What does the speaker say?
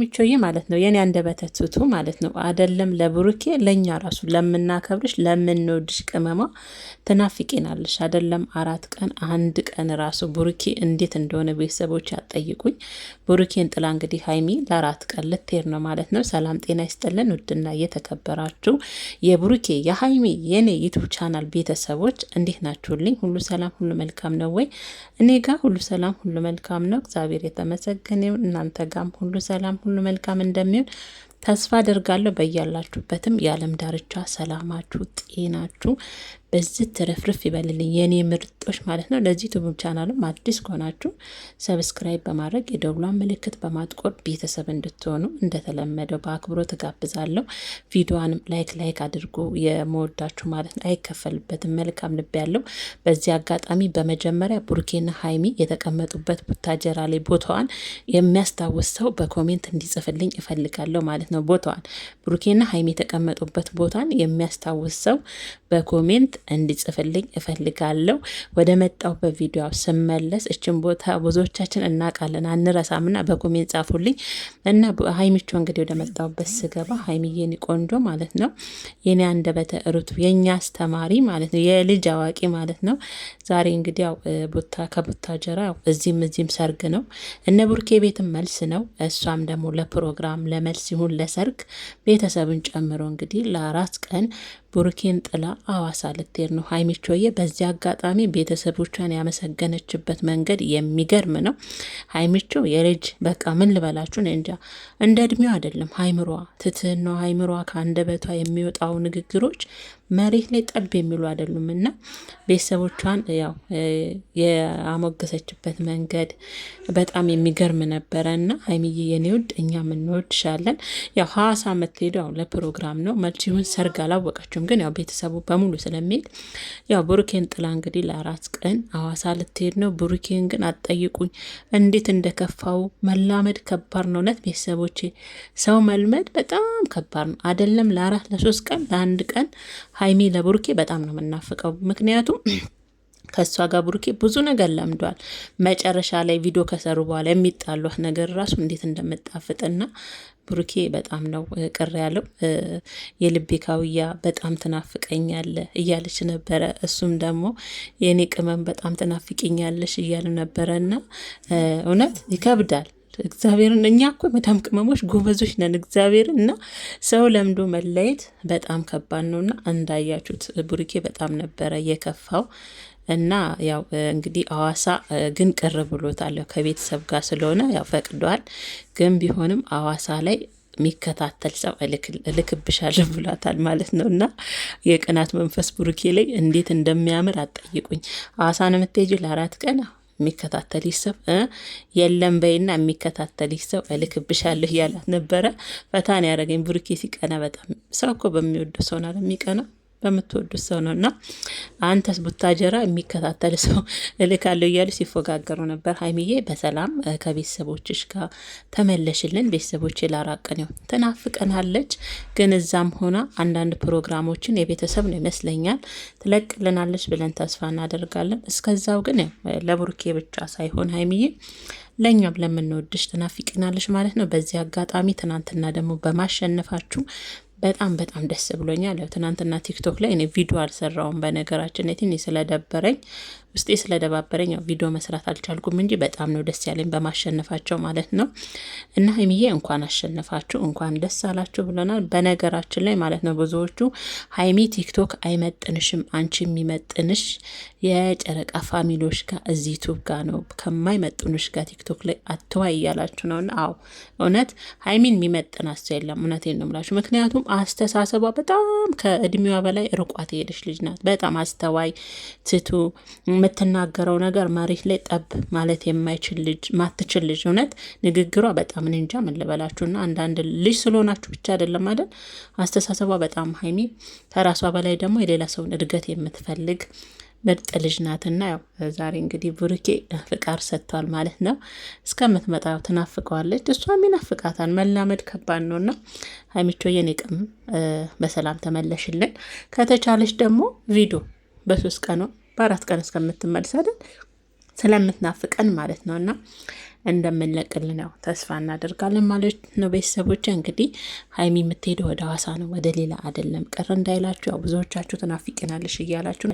ምቾዬ ማለት ነው የኔ አንደበተትቱ ማለት ነው አደለም ለብሩኬ ለእኛ ራሱ ለምናከብርሽ ለምንወድሽ ቅመማ ትናፍቄናለሽ አደለም አራት ቀን አንድ ቀን ራሱ ብሩኬ እንዴት እንደሆነ ቤተሰቦች ያጠይቁኝ ብሩኬን ጥላ እንግዲህ ሀይሚ ለአራት ቀን ልትሄድ ነው ማለት ነው ሰላም ጤና ይስጥልን ውድና እየተከበራችሁ የብሩኬ የሀይሚ የኔ ዩቱብ ቻናል ቤተሰቦች እንዴት ናችሁልኝ ሁሉ ሰላም ሁሉ መልካም ነው ወይ እኔ ጋር ሁሉ ሰላም ሁሉ መልካም ነው እግዚአብሔር የተመሰገነው እናንተ ጋም ሁሉ ሰላም ሁሉ መልካም እንደሚሆን ተስፋ አደርጋለሁ። በያላችሁበትም የዓለም ዳርቻ ሰላማችሁ፣ ጤናችሁ በዚህ ትርፍርፍ ይበልልኝ የእኔ ምርጦች ማለት ነው። ለዚህ ዩቱብ ቻናልም አዲስ ከሆናችሁ ሰብስክራይብ በማድረግ የደውሏን ምልክት በማጥቆር ቤተሰብ እንድትሆኑ እንደተለመደው በአክብሮ ትጋብዛለሁ ቪዲዮዋንም ላይክ ላይክ አድርጉ የመወዳችሁ ማለት ነው። አይከፈልበትም። መልካም ልብ ያለው። በዚህ አጋጣሚ በመጀመሪያ ቡርኬና ሀይሚ የተቀመጡበት ቡታጀራ ላይ ቦታዋን የሚያስታውስ ሰው በኮሜንት እንዲጽፍልኝ እፈልጋለሁ ማለት ነው። ቦታዋን ቡርኬና ሀይሚ የተቀመጡበት ቦታን የሚያስታውስ ሰው በኮሜንት እንዲጽፍልኝ እፈልጋለሁ። ወደ መጣው በቪዲዮ ስመለስ እችን ቦታ ብዙዎቻችን እናውቃለን፣ አንረሳምና በኮሜንት ጻፉልኝ እና ሀይሚቾ እንግዲህ ወደ መጣሁበት ስገባ ሀይሚዬን ቆንጆ ማለት ነው የኔ አንደበተ ርቱ የእኛ አስተማሪ ማለት ነው የልጅ አዋቂ ማለት ነው። ዛሬ እንግዲህ ያው ቦታ ከቦታ ጀራ እዚህም እዚህም ሰርግ ነው እነ ቡርኬ ቤትም መልስ ነው። እሷም ደግሞ ለፕሮግራም ለመልስ ይሁን ለሰርግ ቤተሰብን ጨምሮ እንግዲህ ለአራት ቀን ብሩኬን ጥላ አዋሳ ልትሄድ ነው ሀይሚቾዬ። በዚህ አጋጣሚ ቤተሰቦቿን ያመሰገነችበት መንገድ የሚገርም ነው። ሀይሚቾ የልጅ በቃ ምን ልበላችሁ እንጃ፣ እንደ እድሜው አይደለም ሀይምሯ፣ ትትህን ነው ሀይምሯ፣ ከአንደበቷ የሚወጣው ንግግሮች መሬት ላይ ጠብ የሚሉ አይደሉም እና ቤተሰቦቿን ያው የአሞገሰችበት መንገድ በጣም የሚገርም ነበረ እና ሀይሚዬ የኔ ውድ እኛም እንወድሻለን። ያው ሀዋሳ የምትሄደው ለፕሮግራም ነው መልሲሁን ሰርግ አላወቀችውም ግን ያው ቤተሰቡ በሙሉ ስለሚሄድ ያው ብሩኬን ጥላ እንግዲህ ለአራት ቀን አዋሳ ልትሄድ ነው። ብሩኬን ግን አጠይቁኝ እንዴት እንደከፋው። መላመድ ከባድ ነው እውነት ቤተሰቦቼ፣ ሰው መልመድ በጣም ከባድ ነው። አይደለም ለአራት ለሶስት ቀን ለአንድ ቀን ሀይሚ ለብሩኬ በጣም ነው የምናፍቀው ምክንያቱም ከእሷ ጋር ብሩኬ ብዙ ነገር ለምዷል። መጨረሻ ላይ ቪዲዮ ከሰሩ በኋላ የሚጣሏት ነገር ራሱ እንዴት እንደምጣፍጥና ብሩኬ በጣም ነው ቅር ያለው። የልቤ ካውያ በጣም ትናፍቀኛለህ እያለች ነበረ። እሱም ደግሞ የእኔ ቅመም በጣም ትናፍቅኛለሽ እያሉ ነበረ። ነበረና እውነት ይከብዳል። እግዚአብሔርን እኛ እኮ መዳም ቅመሞች ጎበዞች ነን። እግዚአብሔር እና ሰው ለምዶ መለየት በጣም ከባድ ነው እና እንዳያችሁት ቡሪኬ በጣም ነበረ የከፋው እና ያው እንግዲህ አዋሳ ግን ቅር ብሎታል። ከቤተሰብ ጋር ስለሆነ ያው ፈቅዷል። ግን ቢሆንም አዋሳ ላይ የሚከታተል ሰው እልክብሻለሁ ብሏታል ማለት ነው። እና የቅናት መንፈስ ቡሩኬ ላይ እንዴት እንደሚያምር አጠይቁኝ። አዋሳ ነው የምትሄጂው ለአራት ቀን የሚከታተልሽ ሰው የለም በይና የሚከታተልሽ ሰው እልክብሻለሁ እያላት ነበረ። ፈታን ያደረገኝ ብሩኬ ሲቀና በጣም ሰው እኮ በሚወደው ሰው ናለ የሚቀናው። በምትወዱት ሰው ነው እና አንተስ ቡታጀራ የሚከታተል ሰው እልካለሁ እያሉ ሲፎጋገሩ ነበር። ሀይሚዬ በሰላም ከቤተሰቦችሽ ጋር ተመለሽልን። ቤተሰቦች ላራቅ ነው ትናፍቀናለች። ግን እዛም ሆና አንዳንድ ፕሮግራሞችን የቤተሰብ ነው ይመስለኛል ትለቅልናለች ብለን ተስፋ እናደርጋለን። እስከዛው ግን ለቡርኬ ብቻ ሳይሆን ሀይሚዬ ለእኛም ለምንወድሽ ትናፍቂናለሽ ማለት ነው። በዚህ አጋጣሚ ትናንትና ደግሞ በማሸነፋችሁ በጣም በጣም ደስ ብሎኛል። ያው ትናንትና ቲክቶክ ላይ እኔ ቪዲዮ አልሰራውም በነገራችን ቲን ስለደበረኝ ውስጤ ስለደባበረኝ ያው ቪዲዮ መስራት አልቻልኩም እንጂ በጣም ነው ደስ ያለኝ በማሸነፋቸው ማለት ነው። እና ሀይሚዬ እንኳን አሸነፋችሁ እንኳን ደስ አላችሁ ብለናል። በነገራችን ላይ ማለት ነው ብዙዎቹ ሀይሚ ቲክቶክ አይመጥንሽም፣ አንቺ የሚመጥንሽ የጨረቃ ፋሚሊዎች ጋር እዚህ ዩቱብ ጋር ነው ከማይመጥኑሽ ጋር ቲክቶክ ላይ አትዋ እያላችሁ ነው። አዎ እውነት ሀይሚን የሚመጥን አስተው የለም። እውነት ነው ምላችሁ። ምክንያቱም አስተሳሰቧ በጣም ከእድሜዋ በላይ ርቋት የሄደች ልጅ ናት። በጣም አስተዋይ ትቱ የምትናገረው ነገር መሬት ላይ ጠብ ማለት የማይችል ልጅ ማትችል ልጅ እውነት ንግግሯ በጣም እኔ እንጃ ምን ልበላችሁና አንዳንድ ልጅ ስለሆናችሁ ብቻ አይደለም አይደል አስተሳሰቧ በጣም ሀይሚ ከራሷ በላይ ደግሞ የሌላ ሰውን እድገት የምትፈልግ ምርጥ ልጅ ናትና ያው ዛሬ እንግዲህ ብሩኬ ፍቃድ ሰጥቷል ማለት ነው። እስከምትመጣ ትናፍቀዋለች፣ እሷም ይናፍቃታል። መላመድ ከባድ ነው ነውና ሀይሚቾ የኔ ቅም በሰላም ተመለሽልን። ከተቻለች ደግሞ ቪዲዮ በሶስት ቀኗ በአራት ቀን እስከምትመልስ አይደል ስለምትናፍቀን ማለት ነው። እና እንደምንለቅል ነው ተስፋ እናደርጋለን ማለት ነው። ቤተሰቦች እንግዲህ ሀይሚ የምትሄደው ወደ ሀዋሳ ነው፣ ወደ ሌላ አይደለም። ቅር እንዳይላችሁ ያው ብዙዎቻችሁ ትናፍቂናለሽ እያላችሁ